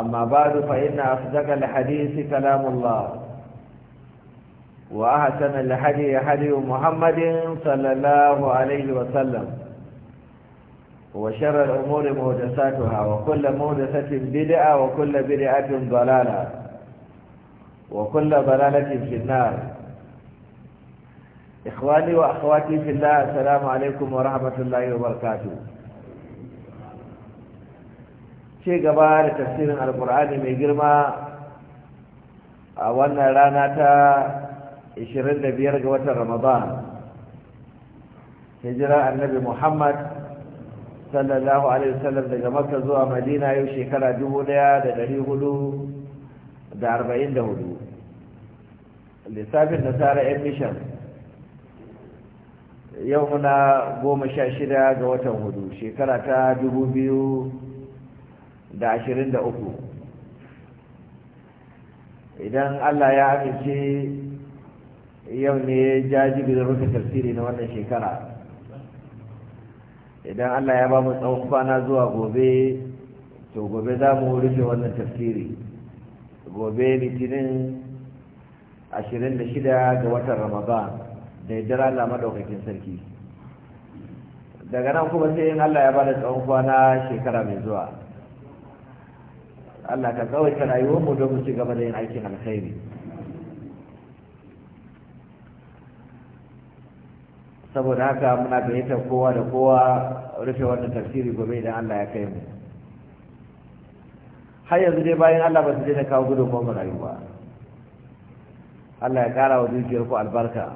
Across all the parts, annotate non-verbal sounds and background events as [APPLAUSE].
أما بعد فإن أصدق الحديث كلام الله وأحسن الحدي حدي محمد صلى الله عليه وسلم وشر الأمور مهدساتها وكل مهدسة بدعة وكل بدعة ضلالة وكل ضلالة في النار إخواني وأخواتي في الله السلام عليكم ورحمة الله وبركاته ce gaba da tafsirin alkur'ani mai girma a wannan rana ta 25 ga watan ramadan hijira annabi muhammad sallallahu alaihi wasallam daga makka zuwa madina yau shekara 1444 lissafin nasara yan mishan yau muna goma sha shida ga watan hudu shekara ta dubu biyu da ashirin da uku idan allah ya amince yau ne jajibirin rufe tafsiri na wannan shekara idan allah ya ba mu tsawon kwana zuwa gobe to gobe za mu rufe wannan tafsiri gobe litinin ashirin da shida ga watan ramadan da ya jira allah ɗaukakin sarki daga nan kuma sai in allah ya ba da tsawon kwana shekara mai zuwa Allah ka ka rayuwar mu don mu ci gaba da yin aikin alkhairi saboda haka muna gayyatar kowa da kowa rufe wannan tafsiri gobe idan Allah ya kai mu har yanzu dai bayan Allah ba su je na kawo mu rayuwa Allah ya kara wa dukiyar ku albarka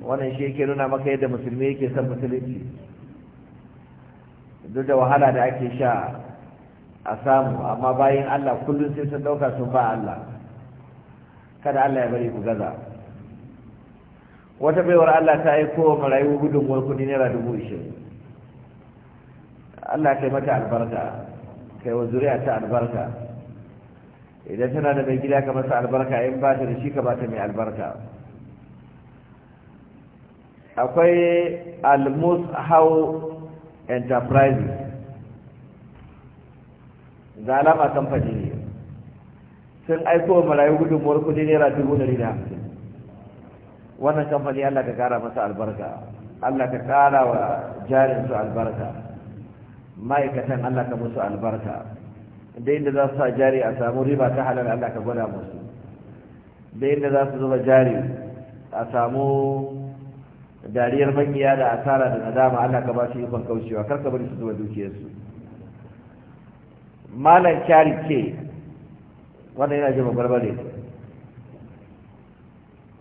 wannan shi yake nuna maka yadda musulmi yake son musulunci duk da wahala da ake sha a samu amma bayan Allah kullum sai sun ɗauka sun ba Allah kada Allah ya bari ku gaza wata baiwar Allah ta aiko wa marayu wani kudi naira dubu ishirin Allah kai mata albarka kai wa zuriya ta albarka idan tana da mai gida ka masa albarka in ba ta da shi ka ba ta mai albarka akwai almus how enterprises ga alama kamfani ne sun aiko wa marayu gudunmuwar kudi naira dubu ɗari da hamsin wannan kamfani allah ka kara masa albarka allah ka kara wa jarin su albarka ma'aikatan allah ka musu albarka da inda za su sa jari a samu riba ta halar allah ka gwada musu da inda za su zuba jari a samu dariyar bangiya da asara da nadama Allah ka ba su ikon kaucewa kar ka bari su zuba dukiyarsu malam kyari ke wanda yana jima barbare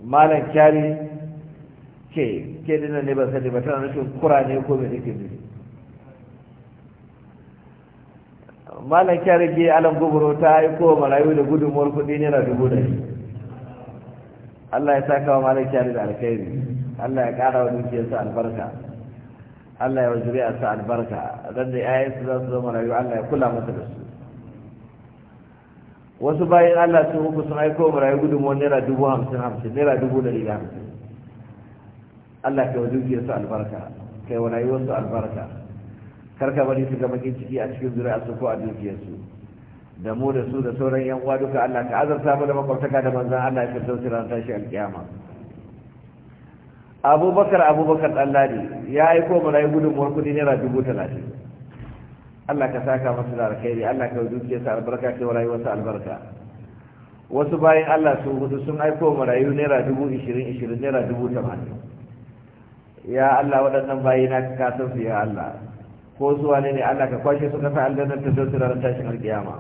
malam kyari ke ke dinan ne ba sai ba tana nufin kura ne ko mai nake ne malam kyari ke alam gubaro ta aiko marayu da gudunmuwar kuɗi na dubu da shi Allah ya saka wa malam kyari da alkhairi Allah ya ƙara wa dukiyarsa albarka Allah ya wajibi a sa albarka don da ‘ya'yansu za su zama rayu Allah ya kula masa da su wasu bayan allah sun uku sun aiko marayu gudunmuwan naira dubu hamsin hamsin naira dubu ɗari da hamsin allah ka wa su albarka kai wa rayuwarsu albarka karka bari su ga bakin ciki a cikin a ko a dukiyarsu da mu da su da sauran yan uwa duka Allah ka azarta mu da makwabtaka da manzan Allah ya su ran tashi alkiyama Abubakar Abubakar Allah ne ya aiko mu rayu gudun mu kudi naira dubu talatin Allah ka saka masu da alkhairi Allah ka zuciya sa albarka ce rayuwar sa albarka wasu bayan Allah su hudu sun aiko marayu naira dubu ishirin ishirin naira dubu tamanin ya Allah waɗannan bayi na ka san su ya Allah ko zuwa ne ne Allah ka kwashe su kasa aljannar ta zai ranar tashin alkiyama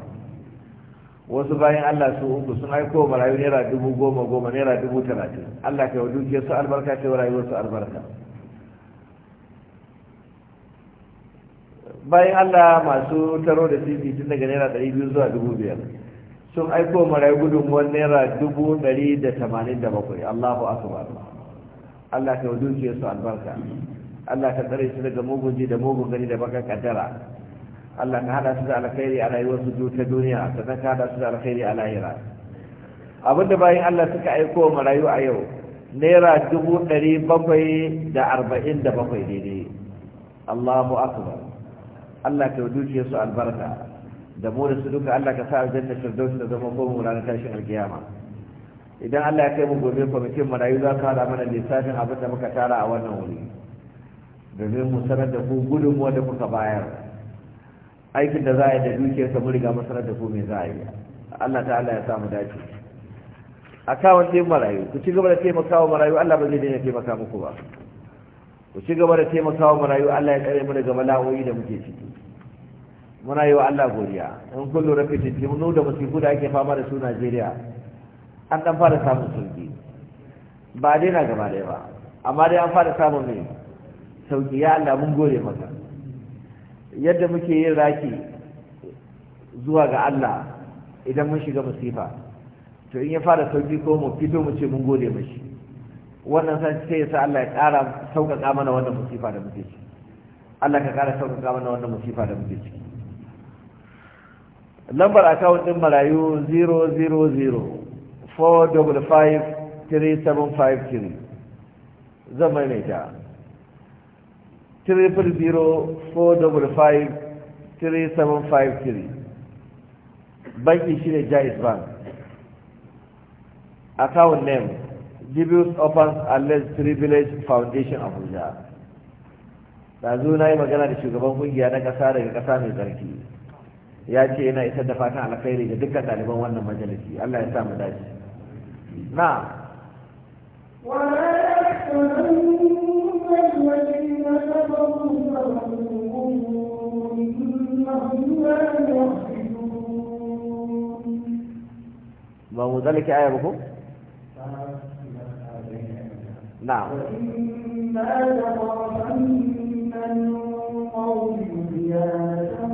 wasu bayan Allah su uku sun aiko marayu naira dubu goma goma naira dubu talatin Allah ka yi dukiyar su albarka ce rayuwar su albarka bayan allah masu taro da cv tun daga naira ɗari biyu zuwa dubu biyar sun aiko marayu wani naira dubu ɗari da tamanin da bakwai allahu akbar allah ka dukiyar su albarka allah ka tsare su daga mugun ji da mugun gani da baka kaddara allah ka hada su da alkhairi a su ta duniya ta ka hada su da alkhairi a lahira abinda bayan allah suka aiko marayu a yau naira dubu ɗari bakwai da arba'in da bakwai daidai allahu akbar Allah ka dukiya su albarka da mu da su duka Allah ka sa aljanna firdaus da zama ko mu ranar tashin alkiyama idan Allah ya kai mu gobe kwamitin marayu za ka hada mana lissafin abin da muka tara a wannan wuri domin mu sanar da ku gudunmuwa da kuka bayar aikin da za a yi da dukiyarsa mu riga mu sanar da ku me za a yi Allah ta Allah ya sa mu dace a kawon ɗin marayu ku ci gaba da taimakawa marayu Allah ba zai daina taimaka muku ba ku ci gaba da taimakawa marayu Allah ya kare mu daga bala'o'i da muke ciki muna yi wa Allah godiya in kullu rafi tijimnu da musiku da ake fama da su Najeriya an dan fara samun sauki ba dai na gaba dai ba amma dai an fara samun mai sauki ya Allah mun gode maka yadda muke yin raki zuwa ga Allah idan mun shiga musifa to in ya fara sauki ko mu fito mu ce mun gode mashi wannan sai ya sa Allah ya ƙara sauƙaƙa mana wannan musifa da muke ciki Allah ka ƙara sauƙaƙa mana wannan musifa da muke ciki lambar account din marayu 0004553 zan maimaita 3004553 banki shi ne jais bank account name dubious opens alleged privilege foundation abuja ɗazu na yi magana da shugaban kungiya na ƙasa daga ƙasa mai tsarki ya ce yana isa da fatan alkhairi ga dukkan ɗaliban wannan majalisi Allah ya sa mu dace na ولا يحسبن الذين كفروا ظلموا إنهم لا يحسدون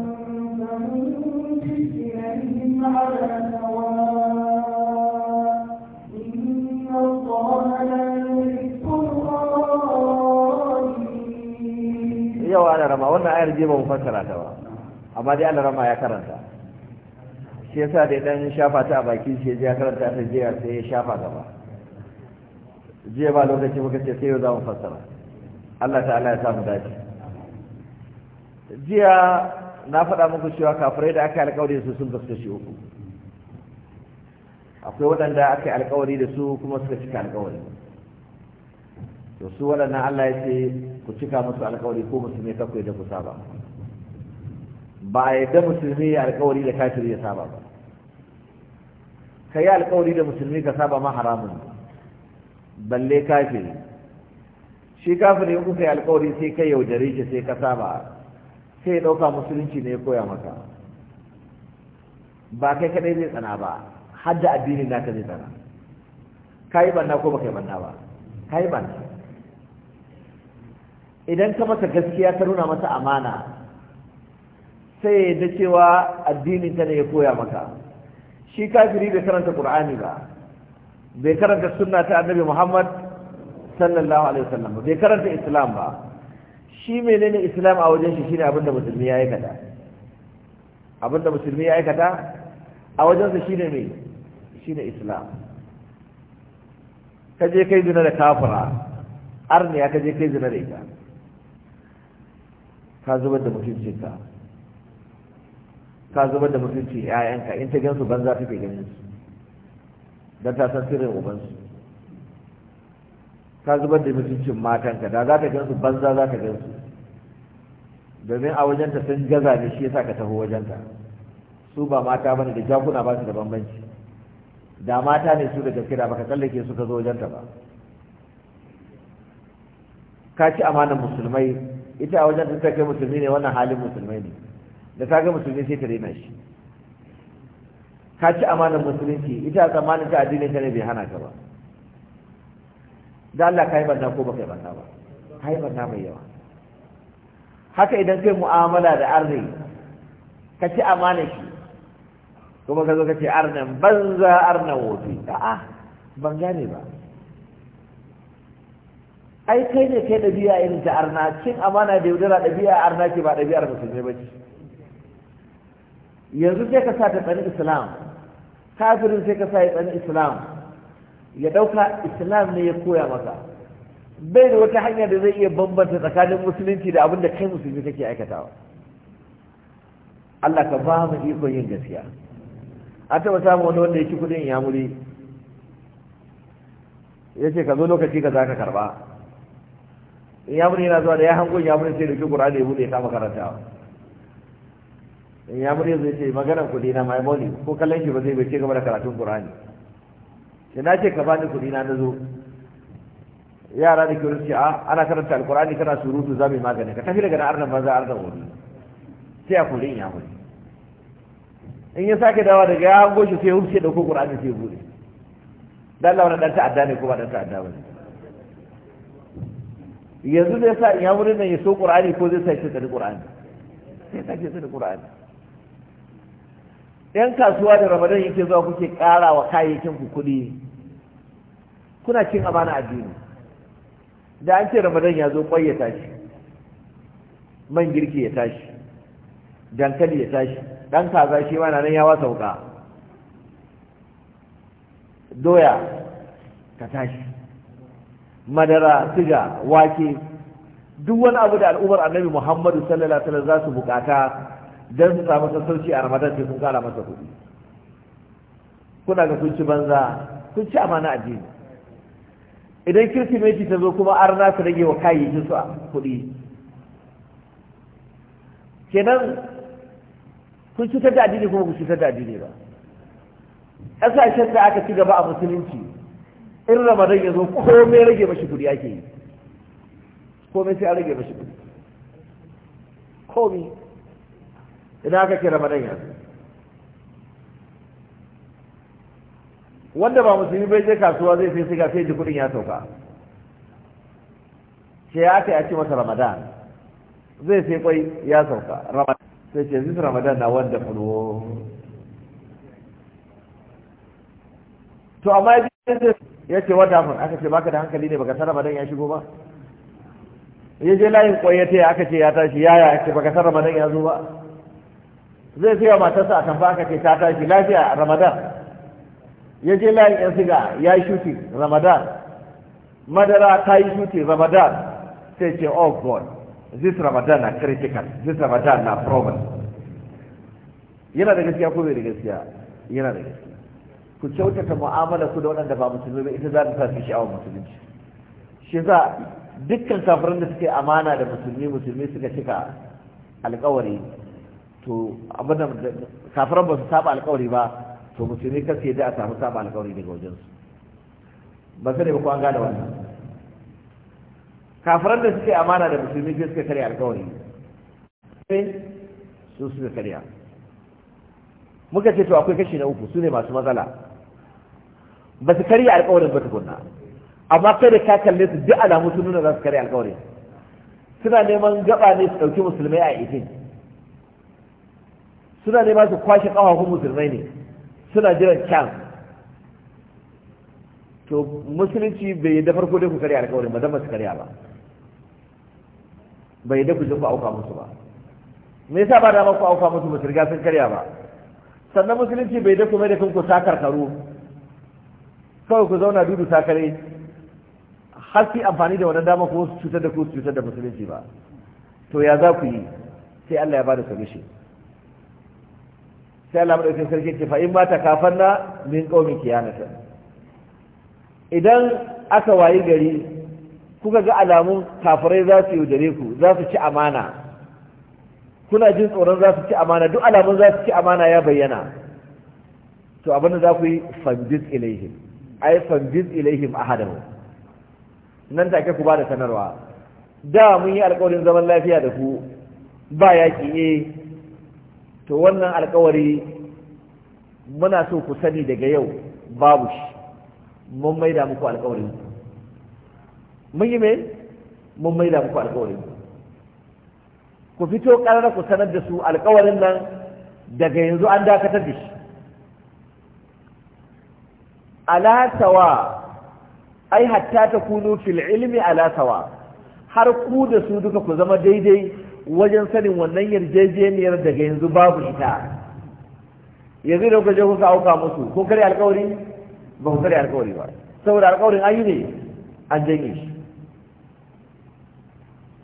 yau ana rama wannan ayar je ba mu fassara ta ba amma dai ana rama ya karanta shi yasa dai dan shafa ta a baki shi ya karanta ta jiya sai ya shafa gaba jiya ba lokaci muka ce sai yau za mu fassara Allah ta'ala ya samu dace jiya na faɗa muku cewa kafirai da aka yi alƙawari su sun shi uku akwai waɗanda aka yi alƙawari da su kuma suka cika alƙawari to su waɗannan Allah ya ce ku cika musu alƙawari ko musulmi ka ku da ku saba ba a yadda musulmi ya alƙawari da kafiri ya saba ba ka yi alƙawari da musulmi ka saba ma haramun balle kafiri shi kafiri in kuka yi alƙawari sai ka yaudare shi sai ka saba sai dauka musulunci ne ya koya maka ba kai kaɗai zai tsana ba har da addinin naka zai tsana ka yi banna ko ba ka yi banna ba ka yi banna idan ka masa gaskiya ka nuna masa amana sai da cewa addinin ta ne ya koya maka shi kafiri bai karanta qur'ani ba bai karanta sunna ta annabi muhammad sallallahu alaihi wasallam bai karanta islam ba shi menene islam a wajen shi shine abinda musulmi ya aikata abinda musulmi ya aikata a wajensa shine me shine islam ka je kai zina da kafira arniya ka je kai zina da ita ka zubar da mutuncinka ka zubar da mutuncin 'ya'yanka in ta gansu banza take ganin su don ta san sirrin ubansu ka zubar da mutuncin matanka da za ka gansu banza za ka gansu domin a wajenta sun gaza ne shi yasa ka taho wajenta su ba mata bane da jakuna ba su da bambanci da mata ne su da gaske da baka tsallake su ka zo wajenta ba ka ci amanar musulmai ita a wajen ta kai musulmi ne wannan halin musulmai ne da ta ga musulmi sai ta daina shi ka ci amanar musulunci ita a tsammanin ta addinin ta ne bai hana ka ba da Allah ka yi banna ko baka yi banna ba ka yi banna mai yawa haka idan kai mu'amala da arzai ka ci amana shi kuma ka zo ka ce arnan banza arnan wofi a'a ban gane ba ai kai ne kai ɗabi'a irin ta arna cin amana da yaudara ɗabi'a arna ce ba ɗabi'ar musulmi ba ce yanzu sai ka sa ta tsani islam kafirin sai ka sa ya tsani islam ya ɗauka islam ne ya koya maka bai da wata hanya da zai iya bambanta tsakanin musulunci da abin da kai musulmi kake aikatawa Allah ka ba mu ikon yin gaskiya an taɓa samun wani wanda ya ci kuɗin ya muri ya ce ka zo lokaci ka za ka karɓa ya muri yana zuwa da ya hango ya muri sai da ke kurani ya buɗe ya kama karantawa in ya murya zai ce maganar kuɗi na my ko kallon shi ba zai bai ce gaba da karatun qur'ani sai na ce ka bani kuɗi na na zo yara da kyau ce a ana karanta alkur'ani kana surutu za mu yi magani ka tafi daga na arnan banza arnan wani sai a kuɗin ya wuri in ya sake dawa daga ya hango shi sai ya wuce ko ƙur'ani sai ya buɗe dan Allah wani ɗan ta'adda ne ko ba dan ta'adda ba ne yanzu zai sa ya wuri nan ya so ƙur'ani ko zai sa shi da ƙur'ani sai ta ce da ƙur'ani yan kasuwa da ramadan yake zuwa kuke ƙara wa kayayyakin ku kuɗi kuna cin amana addini da an ce ramadan ya zo kwai ya tashi man girki ya tashi dankali ya tashi dan kaza shi ma nan ya wasa wuka doya ta tashi madara siga wake duk wani abu da al'ummar annabi muhammadu sallallahu alaihi wasallam za su bukata don su samu sassauci a ramadan sai sun kara masa kuɗi kuna ga kun ci banza kun ci amana addini idan kirsimeti ta zo kuma arna su rage wa kayayyakin su kuɗi kenan kun cutar da addini kuma kun cutar da addini ba ƙasashen da aka ci gaba a musulunci in ramadan ya zo komai rage mashi kuɗi ake yi komai sai a rage mashi kuɗi komai idan aka ce ramadan ya zo wanda ba musulmi bai je kasuwa zai sai siga sai ji kudin ya sauka ce ya ce a ce masa ramadan zai sai kwai ya sauka ramadan sai ce zis ramadan na wanda fulwo to amma ya ce ya ce wata fun aka ce baka da hankali ne baka san ramadan ya shigo ba ya je layin kwai ya ce aka ce ya tashi yaya ya ce baka san ramadan ya zo ba zai sai wa matarsa a tamfa aka ce ta tashi lafiya ramadan ya je layin yan siga ya yi shuti ramadan madara ta yi shuti ramadan sai ce oh god this ramadan na critical this ramadan na problem yana da gaskiya ko bai da gaskiya yana da gaskiya ku kyautata mu'amala ku da waɗanda ba musulmi ba ita za ta sa su sha'awar musulunci shi za dukkan kafirin da suke amana da musulmi musulmi suka cika alkawari to abin da kafiran ba su saba alkawari ba to musulmi kar su yadda a samu saba alkawari daga wajen su ba sai ba ko an gane wannan kafiran da suke amana da musulmi sai suka karya alkawari sai su suka karya muka ce to akwai kashi na uku su ne masu matsala ba su karya alkawarin ba tukunna amma kai da ka kalle su duk alamu sun nuna za su karya alkawarin suna neman gaba ne su ɗauki musulmai a ikin suna neman su kwashe ƙafafun musulmai ne suna jiran can to musulunci bai da farko dai ku karya alkawarin ba zama su karya ba bai da ku je auka musu ba me yasa ba dama ku auka musu ba su riga sun karya ba sannan musulunci bai da ku mai da kanku sakar karu kawai ku zauna dudu sakare har su amfani da wannan dama ko su cutar da ku su cutar da musulunci ba to ya za ku yi sai Allah ya ba da solution sai Allah madaukakin sarki ce fa in ma takafanna min qaumin kiyanatan idan aka wayi gari kuka ga alamun kafirai za su yaudare ku za su ci amana kuna jin tsoron za su ci amana duk alamun za su ci amana ya bayyana to abinda za ku yi fanbiz ilaihim ai fanbiz ilaihim ahadahu nan take ku ba da sanarwa da mun yi alƙawarin zaman lafiya da ku ba yaƙi eh to wannan alkawari muna so ku sani daga yau babu shi mun maida muku alkawari mun yi mai mun maida muku alkawari ku fito ƙarar ku sanar da su alkawarin nan daga yanzu an dakatar da shi alasawa ai hatta ta kunu fil ilmi alasawa har ku da su duka ku zama daidai wajen sanin wannan yarjejeniyar daga yanzu babu ita yanzu da kuka je kuka auka musu kun kare alkawari ba ku kare alkawari ba saboda alkawarin an yi ne an janye shi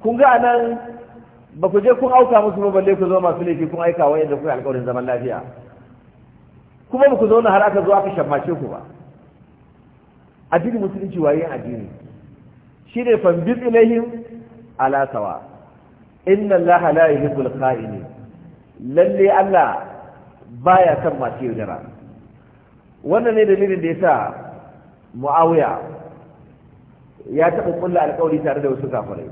kun ga anan ba ku je kun auka musu ba balle ku zo masu laifi kun aika wa yadda kuka alkawarin zaman lafiya kuma ba ku zauna har aka zo aka shammace ku ba addini musulunci waye addini shi ne fambir ilaihim ala sawa inna Allah la yuhibbul kha'inin lalle Allah baya son masu yaudara wannan ne dalilin da yasa Muawiya ya taɓa kulla alƙawari tare da wasu kafirai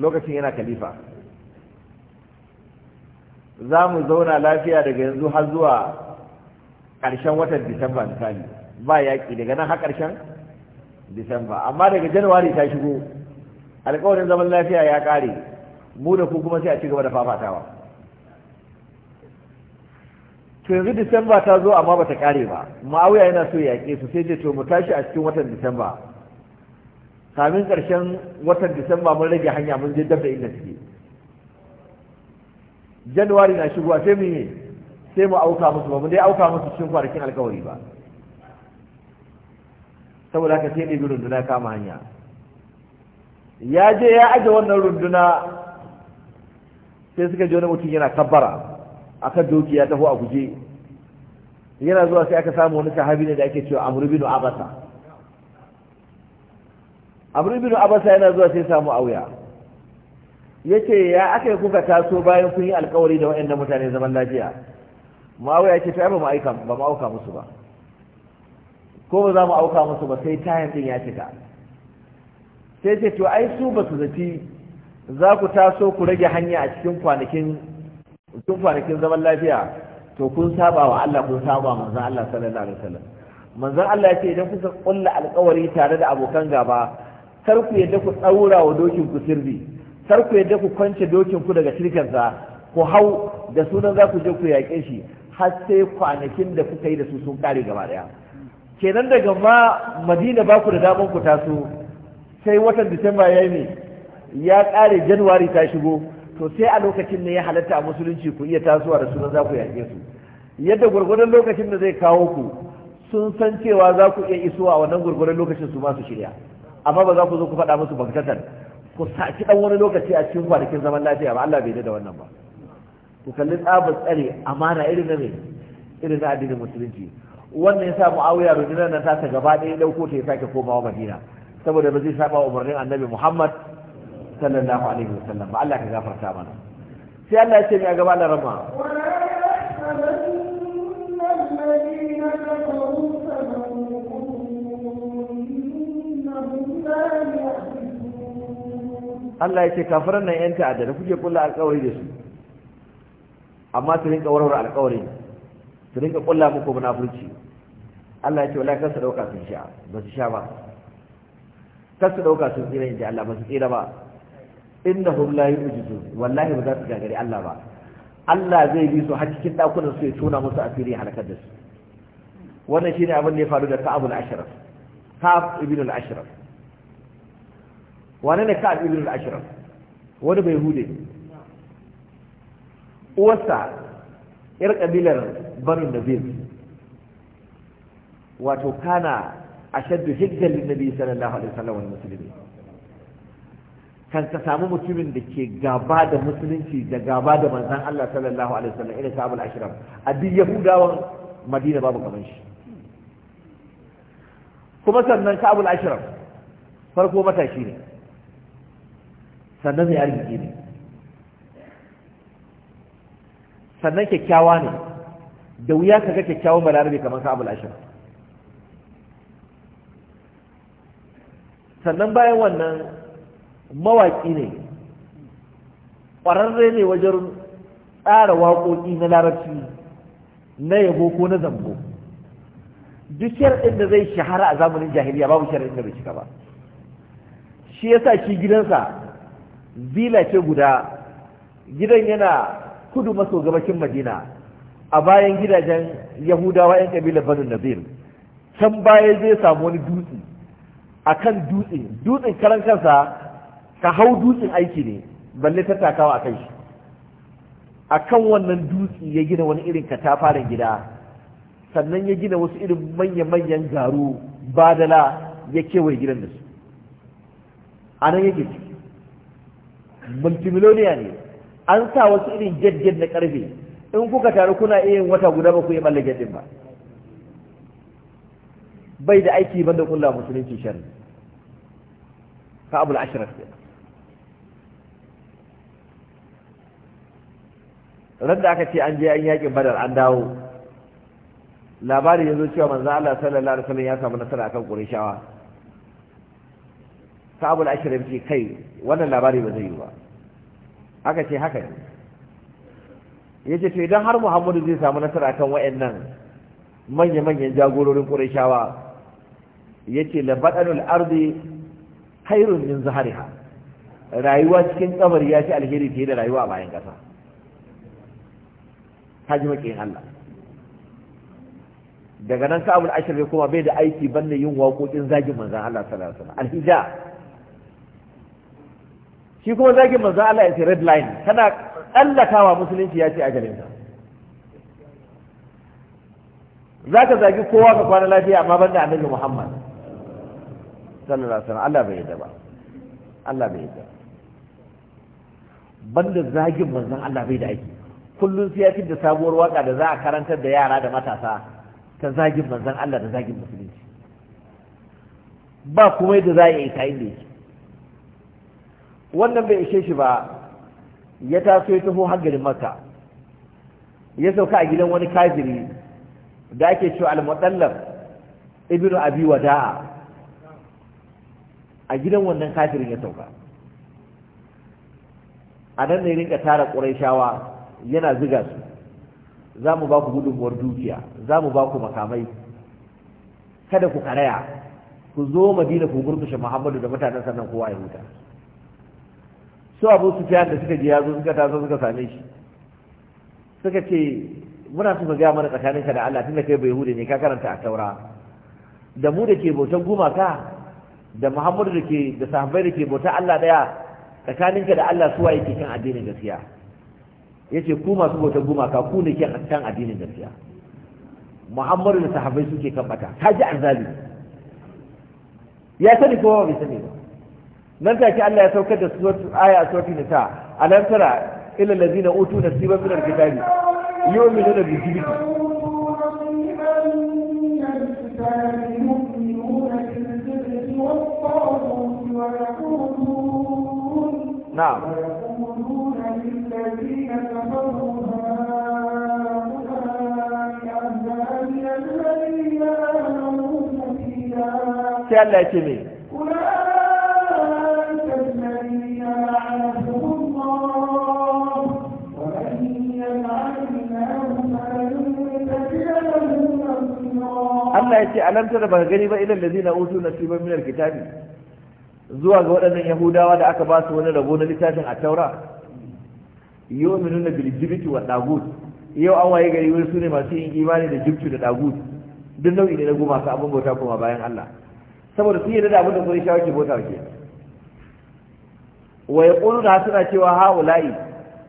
lokacin yana kalifa za mu zauna lafiya daga yanzu har zuwa ƙarshen watan disamba misali ba yaƙi daga nan har ƙarshen disamba amma daga januwari ta shigo alƙawarin zaman lafiya ya ƙare mu da ku kuma sai a ci gaba da fafatawa to yanzu disamba ta zo amma bata ƙare ba ma'auya yana so ya yaƙe su sai ce to mu tashi a cikin watan disamba kamin ƙarshen watan disamba mun rage hanya mun je dab da inda suke januwari na shigowa sai mu yi sai mu auka musu ba mu dai auka musu cikin kwanakin alkawari ba saboda haka sai ne gudun na kama hanya ya je ya aje wannan runduna sai suka ji wani mutum yana kabbara kan doki ya taho a guje yana zuwa sai aka samu wani sahabi ne da ake cewa Amurbinu abasa Amurbinu abasa yana zuwa sai samu a wuya ya aka yi kuka taso bayan kun yi alkawari da wa'in mutane zaman lafiya ya ce ta ba mu aika ba mu auka musu ba ko ba za mu auka musu ba sai tayin din ya cika sai ce to ai su ba su zaci za ku taso ku rage hanya a cikin kwanakin kwanakin zaman lafiya to kun saba wa Allah kun saba manzon Allah sallallahu alaihi wasallam manzon Allah ya ce idan kuka kulla alƙawari tare da abokan gaba kar ku yadda ku tsaura wa dokin ku sirri kar ku yadda ku kwance dokin ku daga shirkansa ku hau da sunan za ku je ku yaƙe shi har sai kwanakin da kuka yi da su sun kare gaba daya kenan daga ma madina ba ku da damar ku taso sai watan disamba ya yi ya kare januwari ta shigo to sai a lokacin ne ya halatta a musulunci ku iya tasowa da sunan za ku yaƙe su yadda gwargwadon lokacin da zai kawo ku sun san cewa za ku iya isowa a wannan gwargwadon lokacin su masu shirya amma ba za ku zo ku faɗa musu bankatan ku saki ɗan wani lokaci a cikin kwanakin zaman lafiya ba Allah bai da wannan ba ku kalli tsabar tsare amana irin na mai irin na addinin musulunci wannan ya sa mu'awiya rundunar nan ta gaba ɗaya ɗauko ta ya sake komawa madina saboda ba zai saba umarnin annabi Muhammad sallallahu alaihi wasallam ba Allah ka gafarta mana sai Allah ya ce mai a gaba da rama Allah ya ce kafiran nan 'yan ta'adda da kuke kulla alkawari da su amma su rinka warware alkawari su rinka kulla muku munafurci Allah ya ce wala kan su dauka sun sha ba su sha ba kar su dauka sun tsira inji Allah ba su tsira ba Inda innahum la yu'jizun wallahi ba za su gagari Allah ba Allah zai bi su har cikin dakunan su ya tona musu asiri harkar da su wannan shine abin da ya faru da Ka'ab al-Ashraf Ka'ab ibn al-Ashraf wane ne Ka'ab ibn al-Ashraf wani bai hude uwarsa yar kabilar Banu Nadir wato kana ashaddu hijjan linnabi sallallahu alaihi wasallam wal muslimin kan ta samu mutumin da ke gaba da musulunci da gaba da manzan Allah sallallahu alaihi wasallam irin sabul ashraf a duk yahudawan madina babu kaman shi kuma sannan sabul ashraf farko matashi ne sannan mai arziki ne sannan kyakkyawa ne da wuya ka ga kyakkyawan balarabe kamar sabul ashraf sannan bayan wannan mawaƙi ne ƙwararre ne wajen tsara waƙoƙi na larabci na yabo ko na zambo duk shari'in da zai shahara a zamanin jahiliya babu shari'in da bai shiga ba shi yasa shi gidansa zila ce guda gidan yana kudu maso gabashin madina a bayan gidajen yahudawa 'yan kabilar banu nazir can baya zai samu wani dutse akan dutse dutsen karan kansa ka hau dutsen aiki ne balle takawa a kai A akan wannan dutse ya gina wani irin katafaren gida sannan ya gina wasu irin manya-manyan garu badala ya kewaye gidan da su a nan yake ciki multimiloniya ne an sa wasu irin jet-jet na karfe in kuka taru kuna iya yin wata guda ba ku yi ballage din ba bai da aiki ban da kulla musulunci shari ka'abul ashraf ran da aka ce an je an yakin badar an dawo labarin yanzu cewa manzo Allah sallallahu alaihi wasallam ya samu nasara akan qurayshawa abu ashraf ce kai wannan labari ba zai yi ba aka ce haka ne yace to idan har Muhammadu zai samu nasara akan wayannan manya-manyan jagororin qurayshawa yace la badanul ardi khairun min zahariha rayuwa cikin kabar ya ci alheri fiye da rayuwa a bayan kasa haji makiyin Allah daga nan sa'abul ashir ya kuma bai da aiki banda yin waƙoƙin zagin manzan Allah sallallahu alaihi wasallam alhija shi kuma zagin manzan Allah ya ce red line kana tsallakawa musulunci ya ce ajalin sa zaka zagi kowa ka kwana lafiya amma banda annabi Muhammad sallallahu alaihi Allah bai yadda ba Allah bai yadda banda zagin manzon Allah bai da aiki kullun sai ya da sabuwar waka da za a karantar da yara da matasa ta zagin manzon Allah da zagin musulunci ba kuma yadda za a yi kayan da yake wannan bai ishe shi ba ya taso ya taho hangarin maka ya sauka a gidan wani kafiri da ake cewa al-muɗallaf ibnu abi wada'a a gidan wannan kafirin ya sauka a nan ne rinka tara ƙuraishawa yana ziga su za mu ba ku gudunmuwar dukiya za mu ba ku makamai kada ku karaya ku zo madina ku gurkushe muhammadu da mutanen sannan kowa ya huta su abu su fiya da suka ji ya suka taso suka same shi suka ce muna su ga gaya mana tsakaninka da allah tun da kai bai hude ne ka karanta a taura da mu da ke bautan gumaka da muhammadu da ke da sahabbai da ke bauta Allah daya tsakaninka da Allah suwa yake kan addinin gaskiya yace ku masu bauta gumaka ku ne ke kan addinin gaskiya muhammadu da sahabbai suke kan bata kaji arzali ya sani kowa bai sani ba nan take Allah ya saukar da suratu aya suratu nisa alam tara ila allazina utu nasiban min alkitabi yu'minuna bil jibti نعم ويقولون للذين كفروا هؤلاء من الذين آمنوا سبيلا أولئك الذين لعنهم الله ومن يلعن الله فلن تجد له نصيرا الله يتي ألم ترى بغير إلى الذين أوتوا نصيبا من الكتاب zuwa ga waɗannan yahudawa da aka ba su wani rabo na littafin a taura yau minu na biljibiti wa ɗagut yau an waye gari wani su ne masu yin imani da jibtu da ɗagut duk nau'i ne na su abin bauta kuma bayan allah saboda su yi da abin da kuma shawo ke bauta ke wai na suna cewa ha'ula'i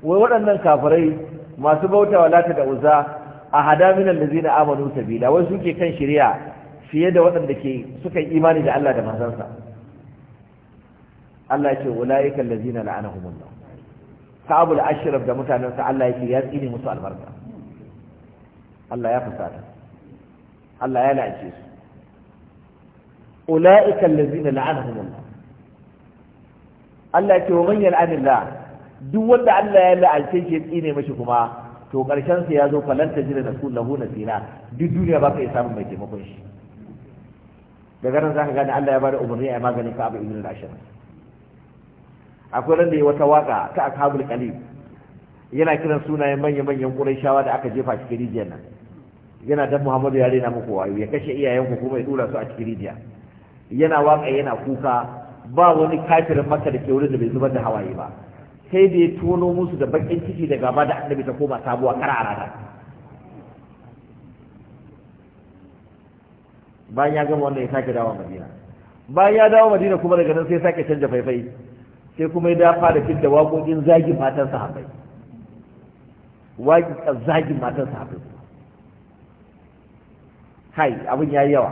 wai waɗannan kafirai masu bauta wa lata da uza a hada min allazina amanu sabila wai suke kan shari'a fiye da waɗanda ke suka imani da Allah da manzansa Allah ya ce ulaika allazina la'anahumullah Ka'ab al-Ashraf da mutanensa Allah yake ya tsine musu albarka Allah ya fusata Allah ya la'ace su ulaika la'ana la'anahumullah Allah ce wa man yal'anillah duk wanda Allah ya la'ace shi ya tsine mashi kuma to karshen sa ya zo falanta jira da su lahu nasira duk duniya ba ka iya samun mai taimakon shi daga nan ka gane Allah ya bada umarni a maganin Ka'ab ibn al-Ashraf akwai ran da ya wata waka ta akabul kalib yana kiran sunayen manya-manyan shawa da aka jefa cikin rijiyar nan yana dan Muhammadu ya rena muku wayo ya kashe iyayen ku kuma ya dura su a cikin rijiya yana waka yana kuka ba wani kafirin maka da ke wurin da bai zubar da hawaye ba sai da ya tono musu da bakin ciki da gaba da annabi ta koma sabuwa kar a rana bayan ya gama wannan ya sake dawo madina bayan ya dawo madina kuma daga nan sai sake canja faifai sai kuma ya dafa da fitta waƙoƙin zagin matan sahabbai waƙi zagin matan sahabbai kai abin yi yawa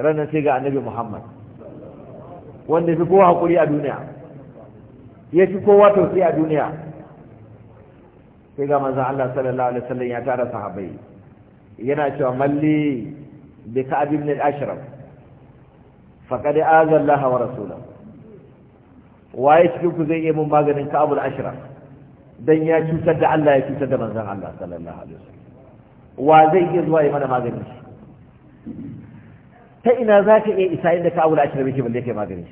ranar sai ga annabi muhammad wanda fi kowa haƙuri a duniya ya fi kowa tausayi a duniya sai ga manzan Allah sallallahu alaihi wasallam ya tara sahabai. yana cewa malli bi ka ibn al-ashraf faqad azalla wa rasulahu waye cikin ku zai iya mun maganin ka'abul ashra dan ya cutar da Allah ya cutar da manzon Allah sallallahu alaihi wasallam wa zai iya zuwa ya mana maganin ta ina za ka iya isa inda ka'abul ashra yake balle kai maganin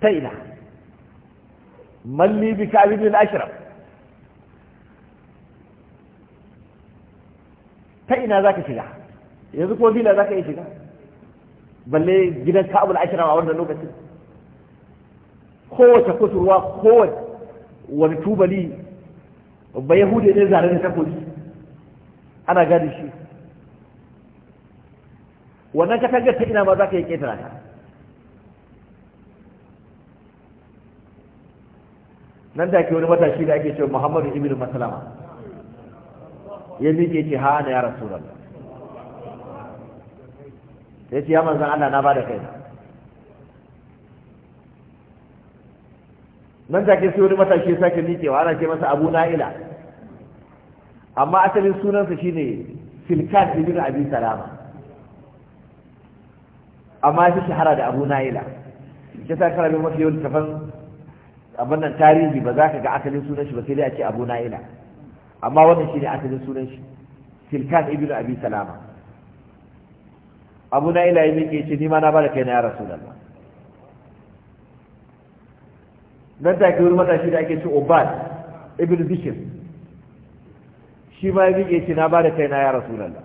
ta ina malli bi ka'abul ashra ta ina za ka shiga yanzu ko bila za ka iya shiga balle gidan ka'abul ashra a wannan lokacin kowace kusurwa kowace wani tubali ba yahudi ne zare ne takobi ana gadi shi wannan katangar ta ina ma za ka yi ƙetara ta nan da ke wani matashi da ake cewa muhammadu ibn masalama ya miƙe ce ha ana ya rasu ya ce ya manzan allah na ba da kai nan take sai wani matashi ya sake miƙewa ana ce masa abu na'ila amma asalin sunansa shine filkat ibn abi salama amma shi shahara da abu na'ila ya sa karabin mafi yawan tafan abin nan tarihi ba za ka ga asalin sunan shi ba sai dai a ce abu na'ila amma wannan shine asalin sunan shi silkan ibn abi salama abu na'ila ya miƙe ce ni ma na bada kai na ya rasulullah nan take wurin matashi da ake ce obad ibn bishir shi ma ya miƙe ce na ba da kaina ya rasulallah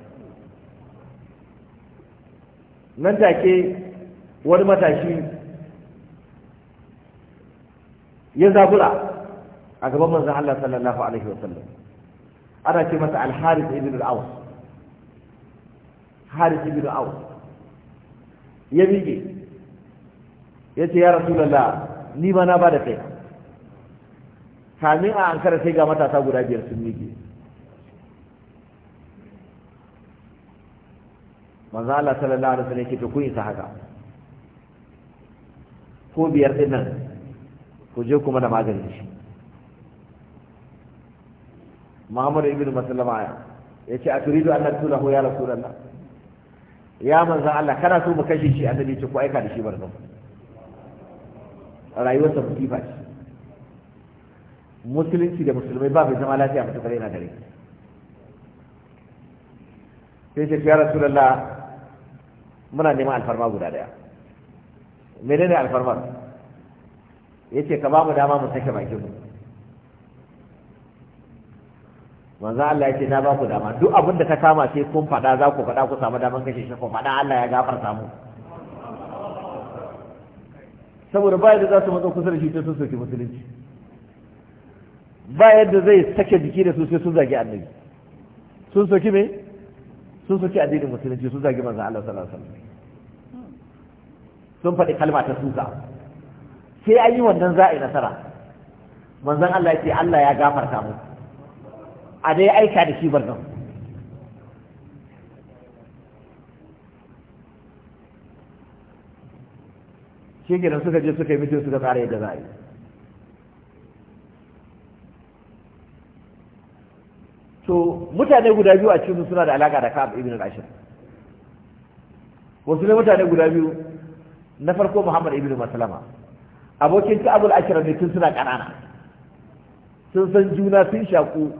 nan take wani matashi ya zabura a gaban manzan Allah sallallahu alaihi wasallam ana ce masa al-harith ibn al-aws harith ibn al-aws ya miƙe ya ce ya rasulallah ni ma na ba da kai kamin a ankara sai ga matasa guda biyar sun miƙe manzo Allah sallallahu alaihi wasallam yake to ku yi haka ko biyar din nan ku je kuma da maganin shi Muhammad ibn Maslama ya yace aturidu Tura, ko ya rasulullah ya manzo Allah kana so mu kashe shi annabi ce ku aika da shi barkan rayuwarsa musifa shi musulunci da musulmai ba mai zama lafiya mutu kare na dare sai ce ya rasulullah muna neman alfarma guda daya menene alfarmar ce ka ba mu dama mu sake bakin mu wanzan Allah ya ce na ba ku dama duk abin da ka kama sai kun faɗa za ku faɗa ku samu daman kashe shi ko faɗa Allah ya gafarta mu saboda ba yadda za su matsa kusa da shi sai sun soke musulunci ba yadda zai sake jiki da su sai sun zagi annabi sun soke me sun soke addinin musulunci sun zagi manzon Allah sallallahu alaihi wasallam sun faɗi kalma ta suka sai an yi wannan za'i nasara manzon Allah ya ce Allah ya gafarta mu a dai aika da shi barkan shi kenan suka je suka yi mitin suka tsara yadda za a yi to mutane guda biyu a cikin suna da alaka da ka'ab ibn al wasu ne mutane guda biyu na farko muhammad ibn maslama abokin ka'ab al-ashir ne tun suna ƙanana. sun san juna sun shaku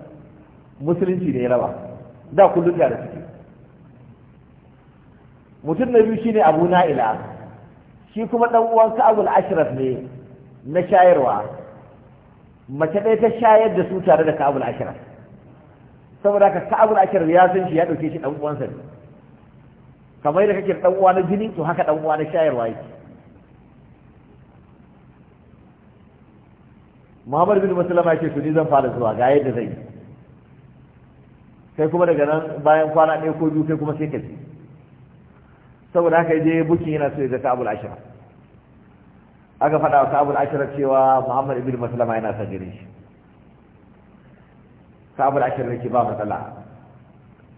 musulunci ne ya raba da kullum da suke mutum na biyu shine abu na'ila shi kuma ɗan uwan ka'abul ashraf ne na shayarwa mace ɗaya ta shayar da su tare da ka'abul ashraf saboda ka ka'abul ashraf ya san shi ya ɗauke shi ɗan uwansa ne kamar da kake ɗan uwa na jini to haka ɗan uwa na shayarwa yake Muhammad bin Musulama yake su ni zan fara zuwa ga yadda zai kai kuma daga nan bayan kwana ɗaya ko biyu kai kuma sai ka je saboda haka je bukin yana so ya ga ka'abul ashira aka faɗa wa sabul ashira cewa muhammad ibn maslama yana son gare shi sabul ashira yake ba matsala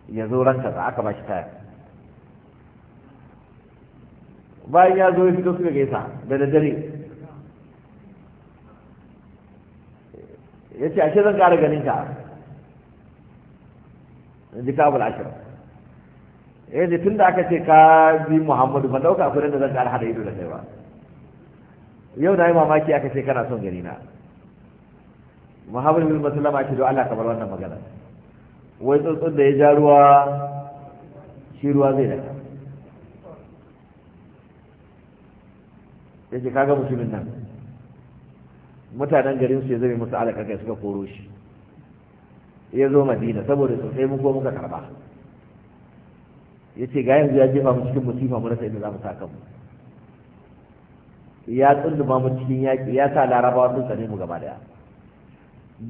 ya zo ranta za aka ba shi taya bayan ya zo ya fito suka gaisa da daddare ya ce ashe zan ƙara ganin ka in ji ka'abul ashira eh ne tun da aka ce ka bi muhammadu ban dauka akwai da zan ƙara hada ido da kai ba yau na yi mamaki aka ce kana son gani na muhammadu bin masulama ce don allah kamar wannan magana wai tsuntsun da ya ja ruwa shi ruwa zai daka ya ce kaga musulmin nan mutanen garin su ya zame musu alaƙa kai suka koro shi ya zo madina saboda sosai mun ko muka karba ya ce ga yanzu ya jefa mu cikin musifa mu rasa inda za mu sa kanmu ya tsunduma mu cikin yaƙi ya sa larabawa sun tsane mu gaba daya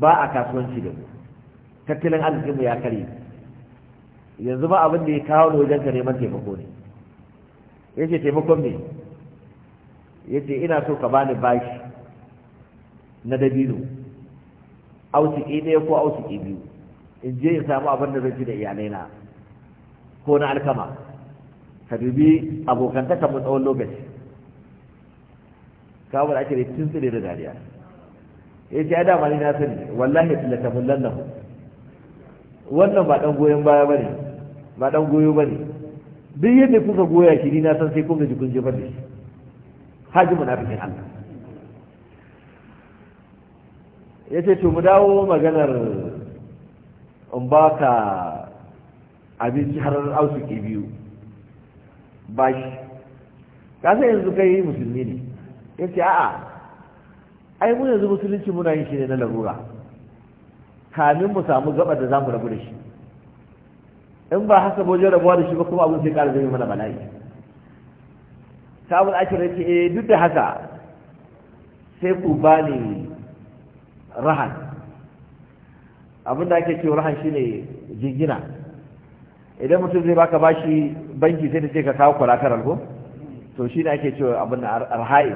ba a kasuwanci da mu tattalin arzikin mu ya karye yanzu ba abin da ya kawo ni wajen ka neman taimako ne ya ce taimakon me ya ce ina so ka bani bashi na dabino ausiki ɗaya ko ausiki biyu in je in samu abin da zan ci da iyalaina ko na alkama ka dubi abokantaka mu tsawon lokaci kawo da ake da tun tsire da dariya ya eh, ce ya dama ni na sani wallahi tilatamun lallahu wannan ba dan goyon baya ba ne ba dan goyo ba ne duk yadda kuka goya shi ni na san sai kun gaji kun jefar da shi haji munafikin Allah ya ce to mu dawo maganar in baka abinci har ausu ke biyu ba shi ka yanzu kai musulmi ne ya ce a'a ai mu yanzu musulunci muna yin shi ne na larura kamin mu samu gaba da zamu rabu da shi in ba haka bojo rabuwa da shi ba kuma abin sai ƙara zai mana bala'i sabon ashirin ce eh duk da haka sai ku ba ni rahan abin da ake cewa rahan shine jingina idan mutum zai baka bashi banki sai ta ce ka kawo collateral ko to shi ne ake cewa abin arha'i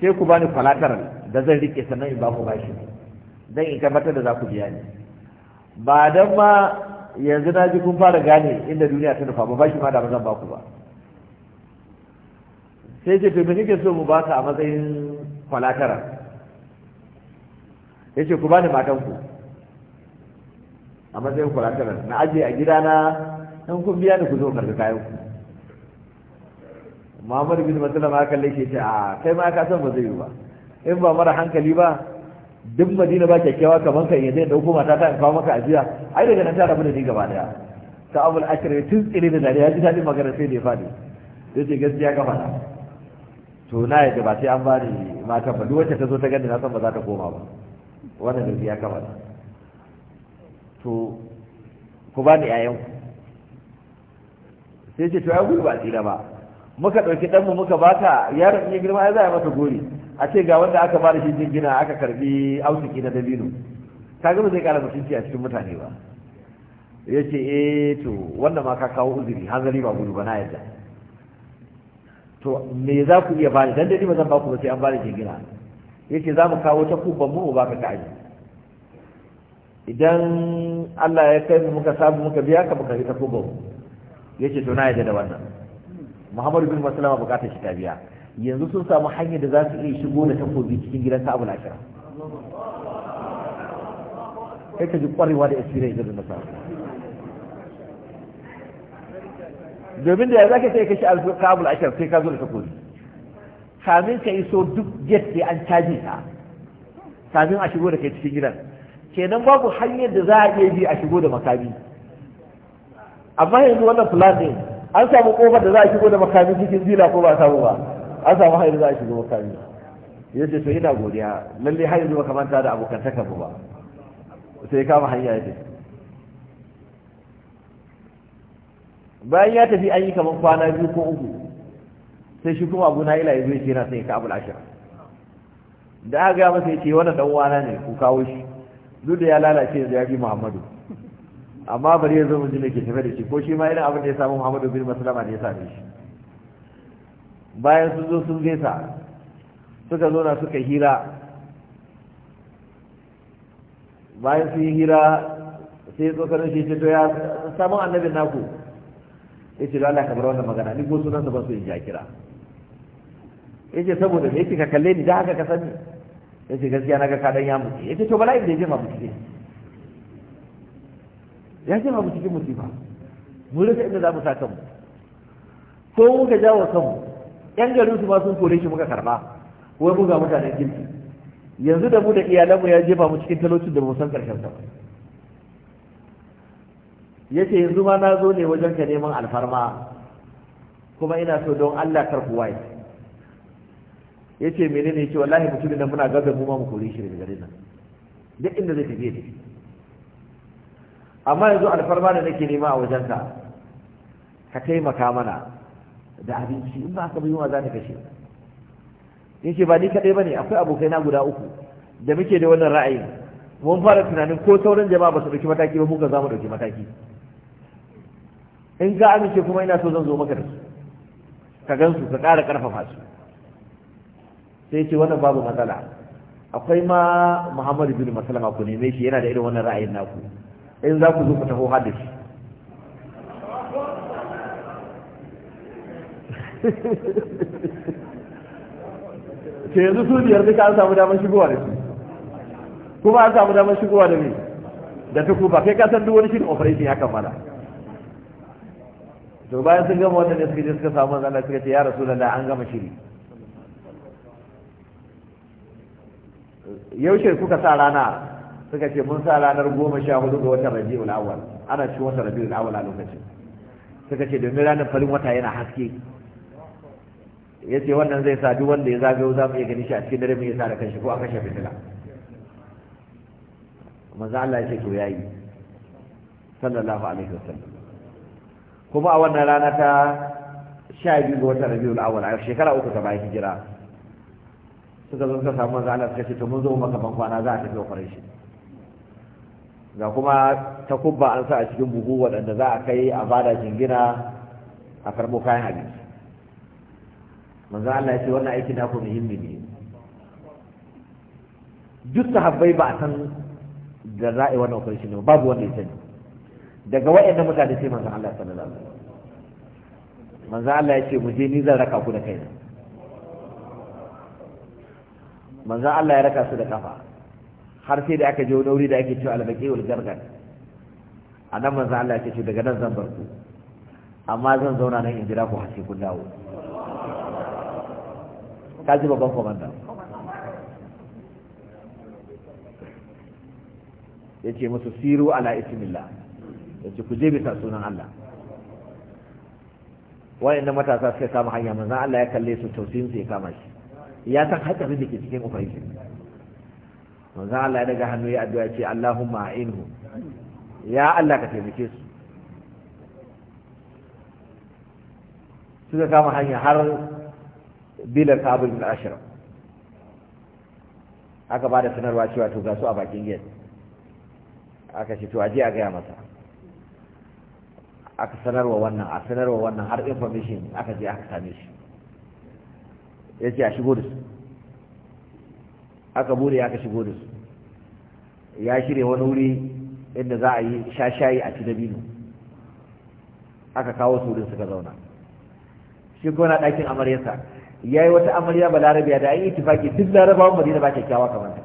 sai ku bani kwalatarar da zan rike sannan in ba ku bashi dan in tabbatar da za ku biya ni ba dan ma yanzu na ji kun fara gane inda duniya ta nufa ba bashi ma da ba zan ba ku ba sai ce to me kike so mu baka a matsayin Ya yace ku bani matan ku a matsayin kulateral na ajiye a gidana in kun biya ni ku zo karɓi kayan ku Muhammadu bin matsala ma kalle ke ce a kai ma ka san ba zai yi ba in ba mara hankali ba duk Madina ba kyakkyawa kamar ka yanzu ya dauko mata ta kawo maka ajiya ai daga nan ta rabu da ni gaba daya ta abu akira ya tsiri da dariya ya ji daɗin magana sai da ya faɗi ya ce gaskiya ka faɗa to na yadda ba sai an bani mata ba duk wacce ta zo ta gani na san ba za ta koma ba wannan gaskiya ya kamata. to ku ba ni yayanku sai ce to ya gudu ba tsira ba muka ɗauki ɗanmu muka baka yaron ya girma ya za a mata gori a ce ga wanda aka bada shi jingina aka karbi ausiki na dabino kaga gama zai kara mutunci a cikin mutane ba ya ce eh to wannan ma ka kawo uzuri hanzari ba gudu ba na yadda to me za ku iya bani dan dai ba zan ba ku ba sai an bada jingina ya ce za mu kawo ta kubban mu ba ka ka idan Allah ya kai mu muka sabu muka biya ka muka fita kogo yace to na yadda da wannan Muhammadu bin Maslama bukatar shi ta biya yanzu sun samu hanyar da za su iya shigo da takobi cikin gidan Ka'ab Abu Lakira kai ka ji kwarewa da experience da nasa domin da ya zaka sai ka shi Ka'ab al-Ashara sai ka zo da takobi kamin ka iso duk gate sai an caji ka kamin a shigo da kai cikin gidan kenan babu hanyar da za a iya bi a shigo da makami amma yanzu wannan plan din an samu kofar da za a shigo da makami cikin zila ko ba samu ba an samu hanyar da za a shigo makami ya ce to ina godiya lalle har yanzu baka manta da abokantaka ba sai kama hanya ya tafi bayan ya tafi an yi kamar kwana biyu ko uku sai shi kuma abu na'ila ya zo ya ce na sai ka abu da aka gaya masa ya ce wannan dan wana ne ku kawo shi duk da ya lalace yanzu ya fi muhammadu amma bari ya zo mu ke tafe da shi ko shi ma irin abin da ya samu muhammadu bin maslama da ya same shi bayan sun zo sun gaisa suka zo na suka hira bayan sun yi hira sai ya tsokanin shi ce to ya samu annabin naku ya ce lalata kamar wannan magana ni ko da ba su in ja kira ya ce saboda me yake ka kalle ni da haka ka sani ya ce gaskiya na ga kadan ya mutu ya ce to bala'in da ya jefa mutu ya ya jefa mutu cikin ba mu rasa inda za mu sa kanmu ko muka jawo kanmu yan garin su ma sun kore shi muka karba wai buga mutanen kirki yanzu da mu da iyalanmu ya jefa mu cikin talocin da mu san karshen sa ya ce yanzu ma na zo ne wajen ka neman alfarma kuma ina so don Allah kar ku waye ya ce mene ne ya ce wallahi mutum nan muna gaza mu ma mu kore shi daga garin nan duk inda zai tafiye ne amma yanzu alfarma da nake nema a wajenka ka taimaka mana da abinci in ba ka biyuwa za ta kashe in ce ba ni kaɗai ba ne akwai abokai na guda uku da muke da wannan ra'ayin mun fara tunanin ko sauran jama'a ba su ɗauki mataki ba mu ga za mu ɗauki mataki in ka amince kuma ina so zan zo maka da su ka gan su ka ƙara ƙarfafa su sai ce wannan babu matsala akwai ma muhammadu bin masalama ku neme shi yana da irin wannan ra'ayin naku in za ku zo ku taho hadis [LAUGHS] ke yanzu su biyar duka an samu damar shigowa da su kuma an samu damar shigowa da me da ta kufa kai kasar duk wani da operation ya kammala to bayan sun gama wannan ne suka je suka samu zana suka ce ya rasu da an gama shiri yaushe kuka sa rana suka ce mun sa ranar goma sha hudu ga watan rabi'ul awal ana ci watan rabi'ul awal a lokacin suka ce domin ranar farin wata yana haske ya ce wannan zai sa duk wanda ya zagayo za mu iya gani shi a cikin dare mu ya sa da kanshi ko a kashe fitila manzo Allah ya ce to yayi sallallahu alaihi wasallam kuma a wannan rana ta sha biyu ga watan rabiul awal a shekara uku ta bayan hijira suka zo suka samu wanzu Allah suka ce to mun zo maka ban kwana za a tafi operation ga kuma ta kubba an sa a cikin buhu waɗanda za a kai a bada jingina a karɓo kayan abinci manzo Allah ya ce wannan aiki na ku muhimmi ne duk sahabbai ba a san da za a yi wannan operation ba babu wanda ya sani daga waɗanda mutane sai manzo Allah sallallahu alaihi wasallam manzo Allah ya ce mu je ni zan raka ku da kaina manzan Allah ya raka su da kafa har sai da aka je wani da ake cewa albaƙi wal gargar a nan manzan Allah ya ce daga nan zan bar ku amma zan zauna nan in jira ku har sai kun dawo ka ji babban komanda ya ce musu siru ala ismillah ya ce ku je bisa sunan Allah wa'in da matasa suka kama hanya manzan Allah ya kalle su tausayin su ya kama shi ya san hatsarin da ke cikin operation manzo Allah ya daga hannu ya addu'a ce Allahumma a'inhu ya Allah ka taimake su suka kama hanya har bilar kabul da ashra aka ba da sanarwa cewa to ga su a bakin gate aka ce to aje a gaya masa aka sanarwa wannan a sanarwa wannan har information aka je aka same shi ya ce a shigo da su aka bude aka shigo da su ya shirya wani wuri inda za a yi shashayi a ci dabino aka kawo su wurin suka zauna shi gona ɗakin amaryarsa ya yi wata amarya ba larabiya da an yi tufaki duk larabawan madina ba kyakkyawa kamar ta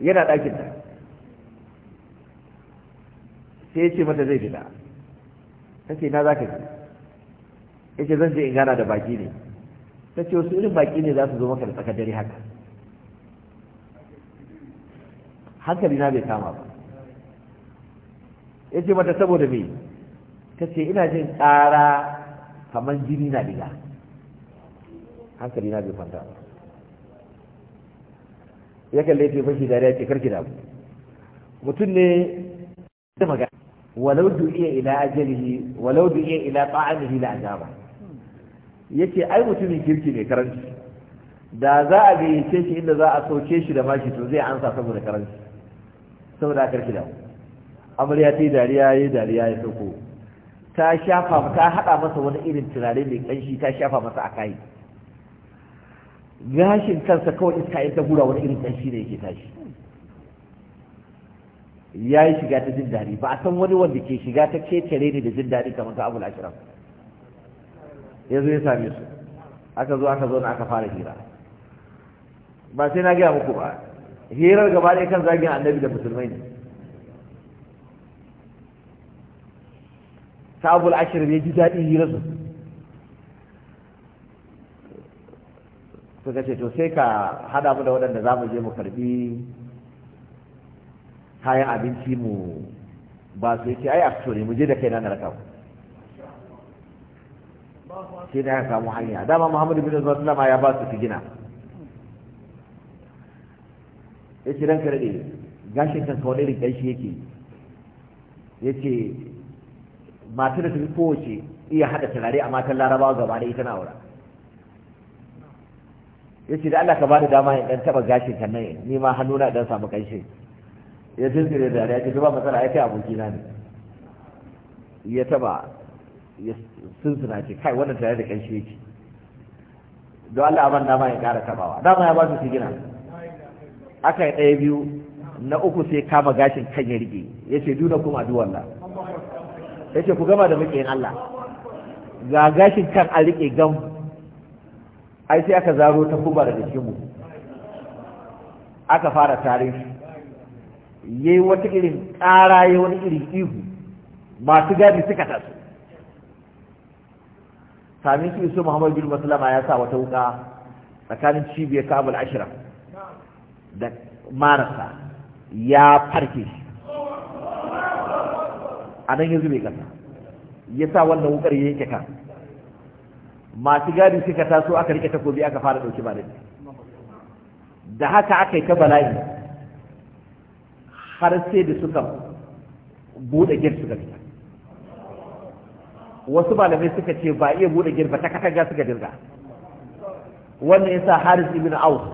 yana ɗakin ta sai ya ce mata zai fita ta ce na za ka ji ya ce zan je in gana da baki ne ta ce wasu irin baki ne za su zo maka da tsakar dare haka hankali na bai kama ba ya ce mata saboda me ta ce ina jin ƙara kamar jini na diga hankali na bai kwanta ba ya kalle ce fashi dariya ce karki damu mutum ne da magana walau du'iya ila ajalihi walau du'iya ila ta'amihi la ajaba yake ai mutumin kirki ne karanci da za a gayyace shi inda za a soke shi da mashi to zai ansa saboda karanci saboda karki da amarya ta yi dariya ya yi dariya ya sauko ta shafa ta haɗa masa wani irin tunare mai ƙanshi ta shafa masa a kai gashin kansa kawai iska in ta hura wani irin ƙanshi ne yake tashi ya yi shiga ta jin dari ba a san wani wanda ke shiga ta ketare ne da jin dari kamar ta abu ashirar ya zo ya same su aka zo aka zo na aka fara hira ba sai na gaya muku ba hirar gaba ɗaya kan zagin annabi da musulmai ne sabul ashir ne ji daɗin hirarsu suka ce to sai ka hada mu da waɗanda za mu je mu karbi kayan abinci mu ba su yake ai a mu je da kai na na sai da ya samu hanya dama muhammadu bin sallama ya ba su gina ya ce ranka rade gashin kan kawai irin ƙarshe yake ya ce matar da ta kowace iya haɗa turare a matan larabawa gaba da ita na aura ya ce da Allah ka bada dama ya ɗan taɓa gashin kan nan ni ma hannuna ɗan samu ƙarshe ya tsire da ya ce ba matsala ya kai abokina ne ya taba sun suna ce kai wannan tare da kanshi yake don Allah abin dama ya ƙara tabawa dama ya ba su gina. aka yi ɗaya biyu na uku sai kama gashin kan ya rige ya ce duna kuma duwan Allah ya ce ku gama da muke Allah ga gashin kan a rike gam ai sai aka zaro ta kuma da cikin mu aka fara Ya yayi wata irin ƙara yayi wani irin ihu masu gadi suka tasu kamin su iso muhammad bin maslama ya sa wata wuka tsakanin cibiyar kabul ashira da marasa ya farke shi a nan ya zube kasa ya sa wannan wukar ya yanke kan masu gadi suka taso aka rike takobi aka fara ɗauki ba da haka aka yi ta bala'i har sai da suka buɗe gir suka fita wasu malamai suka ce ba iya bude girba ta katanga suka dirga wannan yasa haris ibn aus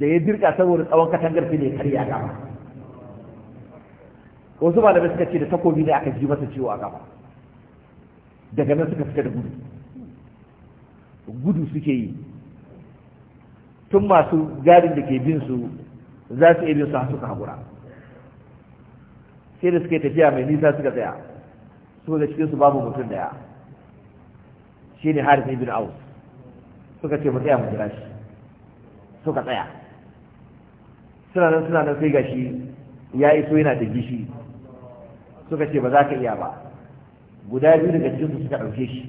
da ya dirga saboda tsawon katangar sai ne ya gaba wasu malamai suka ce da takobi ne aka ji masa ciwo a gaba daga nan suka fita da gudu gudu suke yi tun masu gadin da ke bin su za su iya bin su suka haƙura sai da suke tafiya mai nisa suka tsaya suka cikin su babu mutum daya shine Harith ibn Aus suka ce mu tsaya mu jira shi suka tsaya suna nan suna nan sai gashi ya iso yana da gishi suka ce ba za ka iya ba guda biyu daga cikinsu suka ɗauke shi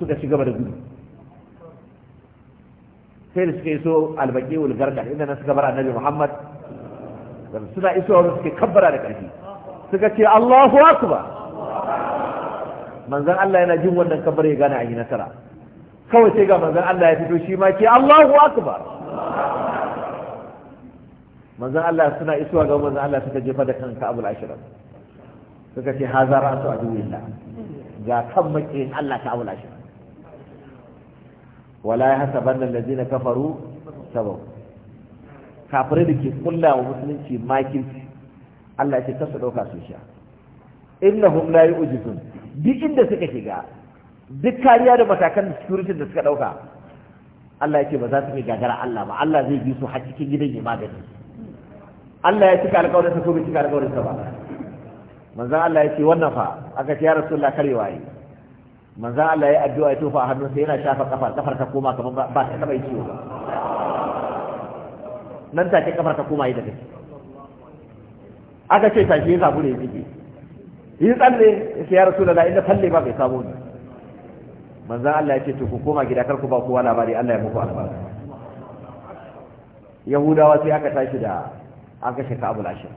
suka ci gaba da gudu sai da suka iso albaƙi wal gargar inda na suka bar annabi Muhammad suna iso wani suke kabbara da ƙarfi suka ce Allahu akbar manzon Allah yana jin wannan kabar ya gane a yi nasara kawai sai ga manzon Allah ya fito shi ma ke Allahu akbar manzon Allah suna isuwa ga manzon Allah suka jefa da kanka abul ashraf suka ce haza rasu a duniyar ga kan makiyin Allah ta abul ashraf wala ya hasa hasaban nan lazina kafaru sabau kafirai da ke kulla wa musulunci makirci Allah ya ce kasu ɗauka su sha innahum la yu'jizun duk inda suka shiga duk kariya da matakan security da suka dauka Allah ya ce ba za su kai gagara Allah ba Allah zai bi su har cikin gidan ya magani Allah ya cika alƙawarin sa ko bai cika alƙawarin sa ba manzon Allah ya ce wannan fa aka ce ya rasulullah karewa yi manzon Allah ya addu'a ya tofa a hannunsa yana shafa kafar kafar ta koma kamar ba ta taba yi ciwo ba nan take kafar ta koma yi da gaske aka ce tashi ya zabure yake yi tsalle ya ya rasu da la'in tsalle ba bai samu ne manzan Allah ya ce ku koma gida kar ku ba kowa labari Allah ya muku albarka yahudawa sai aka tashi da an kashe ka abu lashir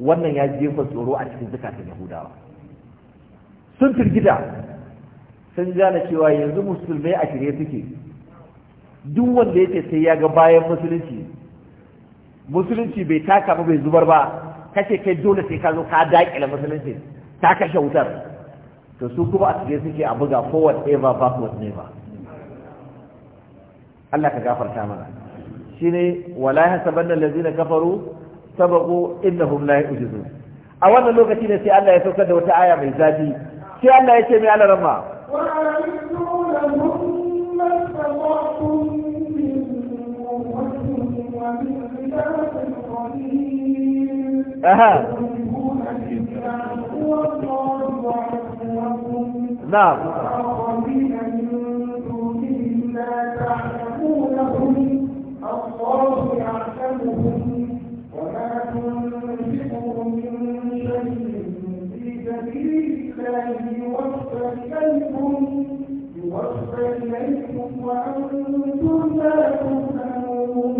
wannan ya jefa tsoro a cikin zukatan yahudawa sun firgita sun gane cewa yanzu musulmai a shirye suke duk wanda ya ce sai ya ga bayan musulunci musulunci bai taka ba bai zubar ba kace kai dole sai ka zo ka daƙile musulunci ta kashe wutar to su kuma a tsaye suke a buga forward ever backward never Allah ka gafarta mana shine wala hasabanna allazina kafaru sabaqu innahum la yujizun a wannan lokaci ne sai Allah ya saukar da wata aya mai zafi sai Allah ya ce mai alarama wa اها نعم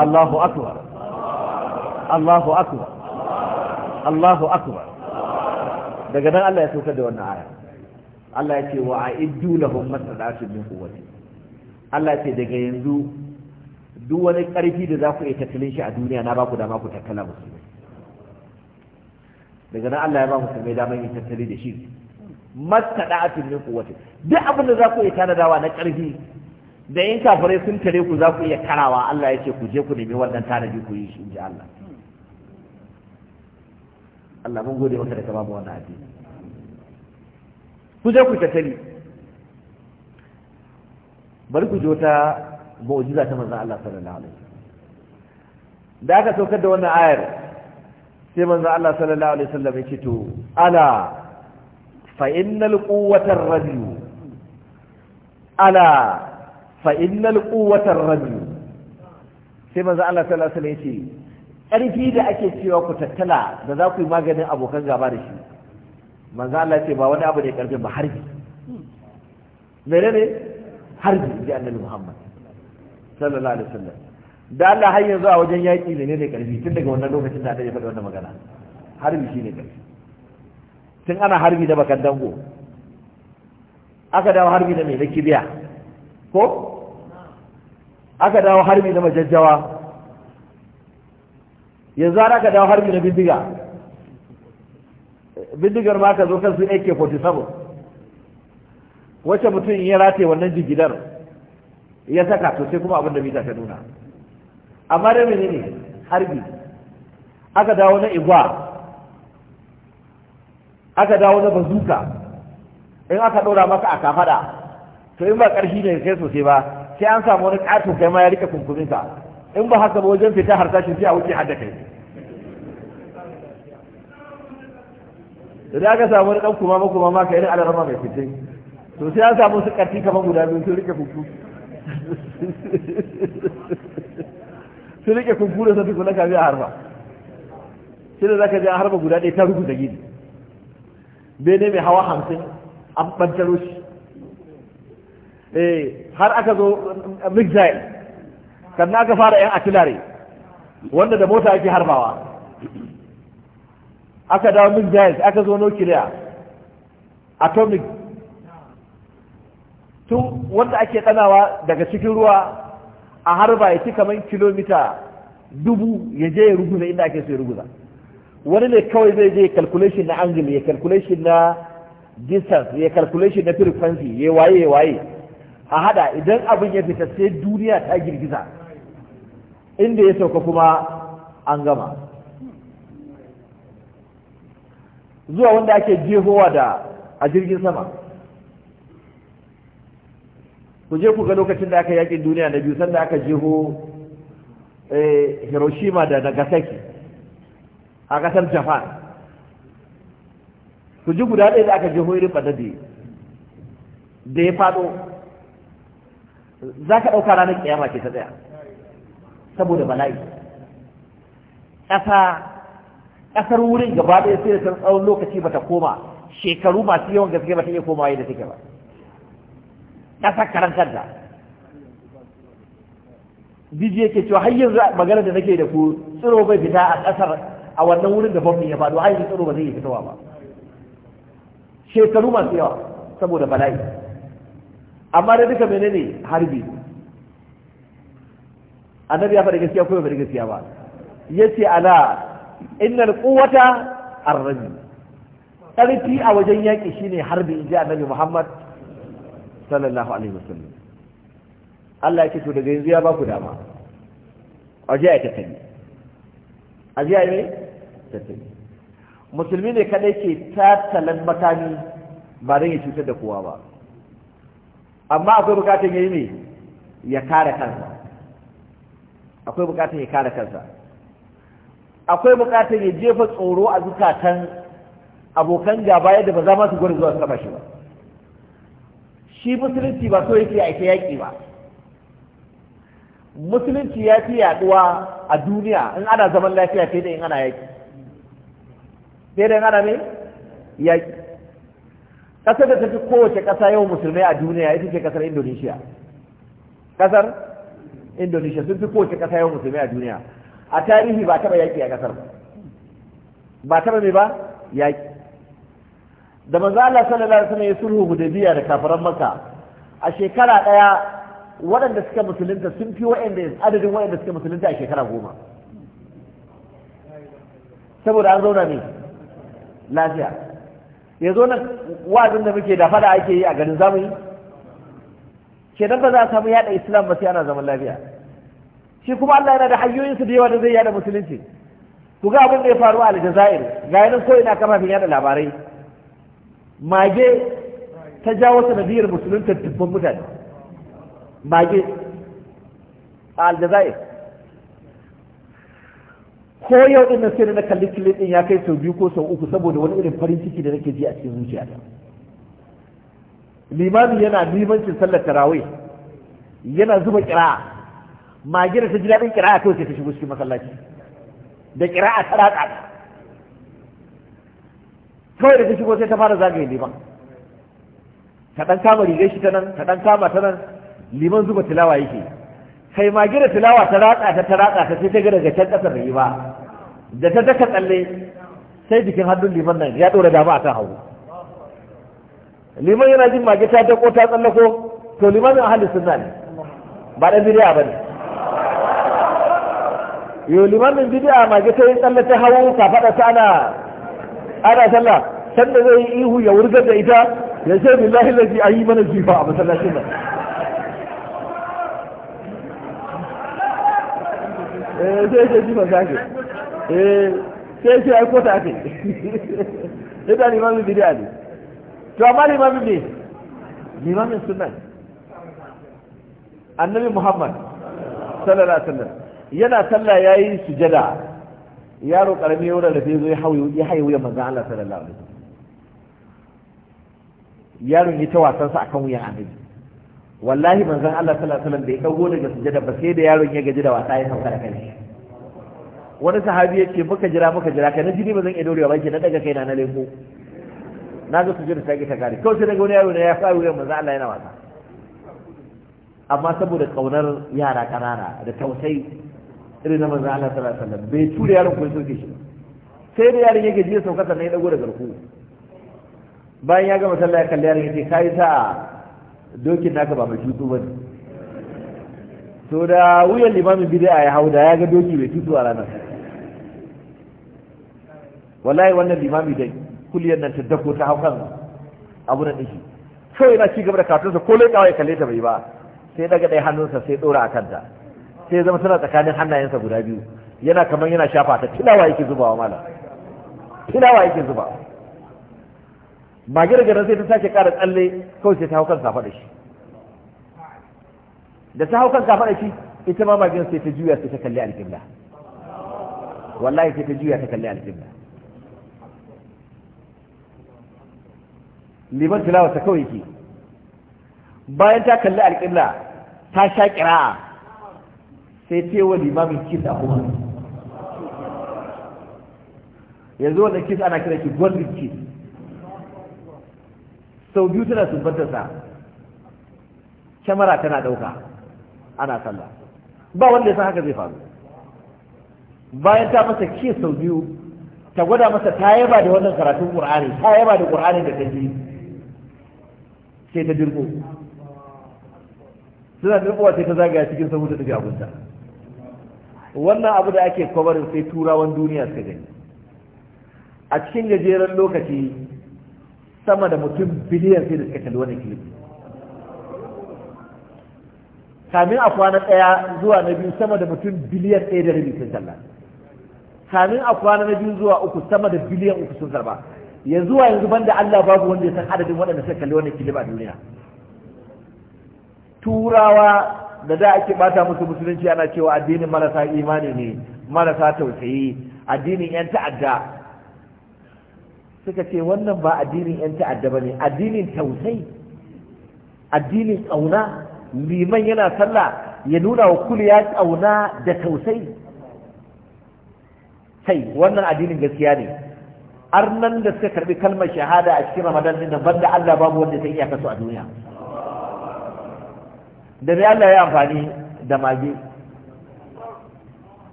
الله أكبر الله أكبر Allahu akbar daga nan Allah ya saukar da wannan aya Allah ya ce wa a'iddu lahum masadatu min quwwati Allah ya ce daga yanzu duk wani karfi da za ku iya tattalin shi a duniya na baku dama ku tattala musulmi daga nan Allah ya ba musulmai damar yin tattali da shi masadatu min quwwati duk abin da za ku iya tanadawa na karfi da in kafirai sun tare ku za ku iya karawa Allah ya ce ku je ku nemi wannan tanadi ku yi shi inji Allah Allah mun gode maka da ka babu wannan addini ku je ku tattali bari ku je ta mu'jiza ta manzon Allah sallallahu alaihi wasallam da aka saukar da wannan ayar sai manzon Allah sallallahu alaihi wasallam ya ce to ala fa innal quwwata ar-rajul ala fa innal quwwata ar-rajul sai manzon Allah sallallahu alaihi wasallam ya ce ƙarfi da ake cewa ku tattala da za ku yi maganin abokan gaba da shi manzo Allah ce ba wani abu ne ƙarfin ba harbi mene ne harbi da annabi Muhammad sallallahu alaihi wasallam da Allah har yanzu a wajen yaƙi ne ne ƙarfi tun daga wannan lokacin da aka faɗa faɗi wannan magana harbi shine ƙarfi tun ana harbi da bakan dango aka dawo harbi da mai na kibiya ko aka dawo harbi da majajjawa yanzu ana ka dawo harbi na bindiga bindigar ma ka zo kan su ak-47 wacce mutum ya rataye wannan jigidar ya saka to sai kuma abin da mita ta nuna amma da mene ne harbi aka dawo na igwa aka dawo na bazuka in aka ɗora maka a kafada to in ba ƙarfi ne kai sosai ba sai an samu wani ƙato kai ma ya rika kunkuminka in ba haka ba wajen fita harsashin sai a wuce hadda kai da aka samu wani ɗan kuma makuma ma ka irin alarama mai fice to sai an samu su ƙarfi kamar guda biyu sun rike kuku sun rike kuku da sun tukuna kafin a harba shi da zaka je a harba guda ɗaya ta rubuta gidi bene mai hawa hamsin an ɓantaro shi har aka zo mixile na ga fara yan atilare wanda da mota ake harbawa aka dawo missiles aka zo nukiliya atomic tun wanda ake tsanawa daga cikin ruwa a harba ya ci kamar kilomita dubu ya je ya ruguza inda ake sai ya ruguza wani ne kawai zai je calculation na angle ya calculation na distance ya calculation na frequency ya waye ya waye a hada idan abin ya fita sai duniya ta girgiza inda ya sauka kuma an gama zuwa wanda ake jehowa da a jirgin sama ku je ku ga lokacin da aka yakin duniya na biyu sanda aka jeho eh, hiroshima da nagasaki a kasar japan ku ji guda ɗaya da aka jeho irin ɓadade da ya faɗo za ka ɗauka ranar ƙiyama ke ta ɗaya. saboda bala'i ƙasa ƙasar wurin gaba ɗaya sai da tsawon lokaci bata koma shekaru masu yawan gaske bata iya komawa yadda take ba ƙasar karantar da biji yake cewa har yanzu magana da nake da ku tsiro bai fita a ƙasar a wannan wurin da bambi ya faɗo ai tsiro ba zai fitowa ba shekaru masu yawa saboda bala'i amma da duka menene harbi annabi ya faɗi gaskiya ko bai faɗi gaskiya ba yace ala innal quwwata ar-rajul karfi a wajen yaƙi shine harbi inji annabi Muhammad sallallahu alaihi wasallam Allah yake to daga yanzu ya ba ku dama aje ya tafi aje ya ne tafi musulmi ne kadai ke tattalin matani ba dan ya cutar da kowa ba amma akwai bukatun yayi ne ya kare kansa akwai bukatar ya kare kansa akwai bukatar ya jefa tsoro a zukatan abokan gaba yadda ba za ma su gwada zuwa su kafa shi ba shi musulunci ba so yake aike yaƙi ba musulunci ya fi yaduwa a duniya in ana zaman lafiya fiye da in ana yaƙi fiye da in ana ne yaƙi ƙasar da ta fi kowace ƙasa yawan musulmai a duniya ita ce ƙasar indonesia ƙasar indonesia sun fi kowace ƙasa yawan musulmi a duniya a tarihi ba taɓa yaƙi a ƙasar ba ba taɓa mai ba yaƙi da manzo Allah sallallahu alaihi wasallam ya sulhu hudaybiya da kafiran Makka a shekara daya waɗanda suka musulunta sun fi waɗanda adadin waɗanda suka musulunta a shekara goma saboda an zauna ne lafiya ya nan wa'azin da muke da fada ake yi a garin zamani yi kenan ba za a samu yada islam ba sai ana zaman lafiya shi kuma Allah yana da hanyoyin su da yawa da zai yada musulunci ku ga abin da ya faru a Aljazair ga yanan ko ina kafafin yada labarai mage ta jawo sanadiyar musulunta dubban mutane mage a Aljazair ko yau din nan sai na kalli kilin din ya kai sau biyu ko sau uku saboda wani irin farin ciki da nake ji a cikin zuciyata limami yana limancin sallar tarawih yana zuba kira'a Magira ta ji daɗin kira'a kawai sai ta shigo cikin masallaci da kira'a ta ratsa kawai da ta shigo sai ta fara zagaye liman ta ɗan kama rigar shi ta nan ta ɗan kama ta nan liman zuba tilawa yake kai mage da tilawa ta raƙa-ta ta ta raƙa ta sai ta ga daga can ƙasar da yi ba da ta daka tsalle sai jikin hannun liman nan ya ɗora dama a kan hagu liman yana jin mage ta dako ta tsallako to liman limamin ahalin sunna ne ba dan bid'a bane yo limamin bid'a mage ta yi tsalle ta hawo ka fada ta ana ana sallah sanda zai yi ihu ya wurgar da ita ya ce billahi lazi ayi mana jifa a masallacin nan eh sai ce jifa zaki eh sai ce ai kota ake [LAUGHS] ita limamin bid'a ne to amma limamin ne limamin sunan annabi muhammad sallallahu alaihi wasallam yana sallah yayi sujada yaro karami yau da rafe zo ya hawo ya hayo ya manzo Allah sallallahu alaihi wasallam yaron ya ta wasan sa akan wuyan annabi wallahi manzo Allah sallallahu alaihi wasallam bai dago daga sujada ba sai da yaron ya gaji da wasa ya sauka da kai wani sahabi ya ce muka jira muka jira kai na jini ba zan iya dorewa ba ke na daga kai na na lefo na ga sujud ta ke ta kare kawai sai daga wani yaro ne ya fara wuyan manzo Allah yana wasa amma saboda kaunar yara karara da tausayi irin na manzo Allah sallallahu alaihi wasallam bai tura yaron ko soke shi sai da yaron yake jiya sauka sannan ya dago da garku bayan ya gama sallah ya kalli yaron yace kai sa dokin naka ba mai tutu bane to da wuyan limamin bid'a ya hauda ya ga doki bai tutu a ranar wallahi wannan limami dai kuliyar nan ta dako ta hau kan abu nan ɗiki so yana ci gaba da katunsa ko lai kawai kalle ta bai ba sai daga ɗaya hannunsa sai ɗora a kanta sai zama suna tsakanin hannayensa guda biyu yana kamar yana shafa ta tilawa yake zuba wa malam tilawa yake zuba magira garin sai ta sake ƙara tsalle kawai sai ta hau kan faɗa da shi da ta hau kan kafa da shi ita ma magar sai ta juya sai ta kalli alƙibla wallahi sai ta juya ta kalli alƙibla liman tilawa ta kawai ke bayan ta kalli alƙilla ta sha ƙira'a sai ce wa limamin kis a kuma yanzu wanda kis ana kira ki gwamnin kis sau biyu tana sa kyamara tana ɗauka ana sallah ba wanda ya san haka zai faru bayan ta masa kis sau biyu ta gwada masa ta yaba da wannan karatun ƙur'ani ta yaba da ƙur'ani da ta ji sai ta dirko suna dirkowa sai ta zagaya cikin sahu ta tafi abunta wannan abu da ake kwabarin sai turawan duniya suka gani a cikin gajeren lokaci sama da mutum biliyan sai da suka kalli wannan kilif kamin a kwana ɗaya zuwa na biyu sama da mutum biliyan ɗaya da rabi sun kalla kamin a kwana na biyu zuwa uku sama da biliyan uku sun karba yanzu wa yanzu banda Allah babu wanda ya san adadin waɗanda suka kalli wannan kilima a duniya turawa da da ake bata musu musulunci ana cewa addinin marasa imani ne marasa tausayi addinin yan ta'adda suka ce wannan ba addinin yan ta'adda bane addinin tausayi addinin kauna liman yana sallah ya nuna wa ya kauna da tausayi sai wannan addinin gaskiya ne arnan da suka karbi kalmar shahada a cikin ramadan din ban da Allah babu wanda ta iya kasu a duniya da mai Allah ya amfani da mage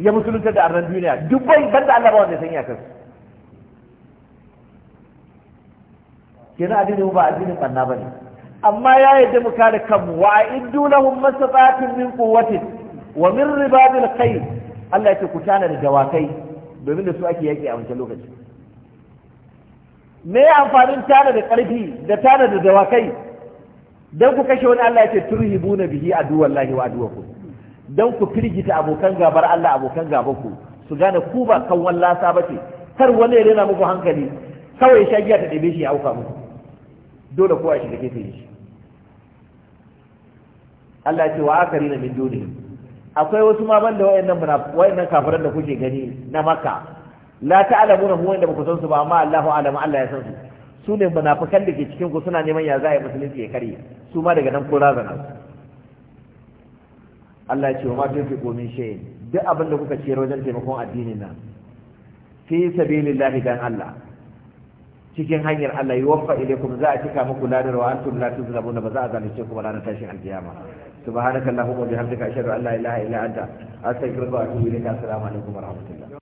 ya musulunta da arnan duniya duk bai da Allah babu wanda ta iya kasu kina addini ba addinin banna bane amma ya yadda mu kare kan wa a'iddu lahum masatatin min quwwatin wa min ribabil khayr Allah ya ce ku tana da dawakai domin da su ake yaƙi a wancan lokaci me ya amfanin tana da ƙarfi da tana da dawakai don ku kashe wani Allah ya ce turhi buna bihi a lahi wa ku don ku firgita abokan gabar Allah abokan ku su gane ku ba kawwan lasa ba ce kar wani ya rena muku hankali kawai sha giya ta ɗebe shi ya auka muku dole kowa shi da ke shi Allah ya ce wa akari na min dunihim akwai wasu ma banda wayannan wayannan kafiran da kuke gani na makka la ta'lamuna huwa inda baku san su ba amma Allahu alama Allah ya san su su ne munafikan da ke cikin ku suna neman ya zai musulunci ya kare su ma daga nan ko razana Allah ya ce wa ma fi komin shay'in duk abin da kuka ciyar wajen taimakon addinin nan fi sabilillahi dan Allah cikin hanyar Allah yuwaffa ilaykum za a cika muku ladar wa antum la tuzlamuna ba za a zalunce ku ba ranar tashin alkiyama subhanakallahumma wa bihamdika ashhadu an la ilaha illa anta astaghfiruka wa atubu ilayka assalamu alaikum wa rahmatullah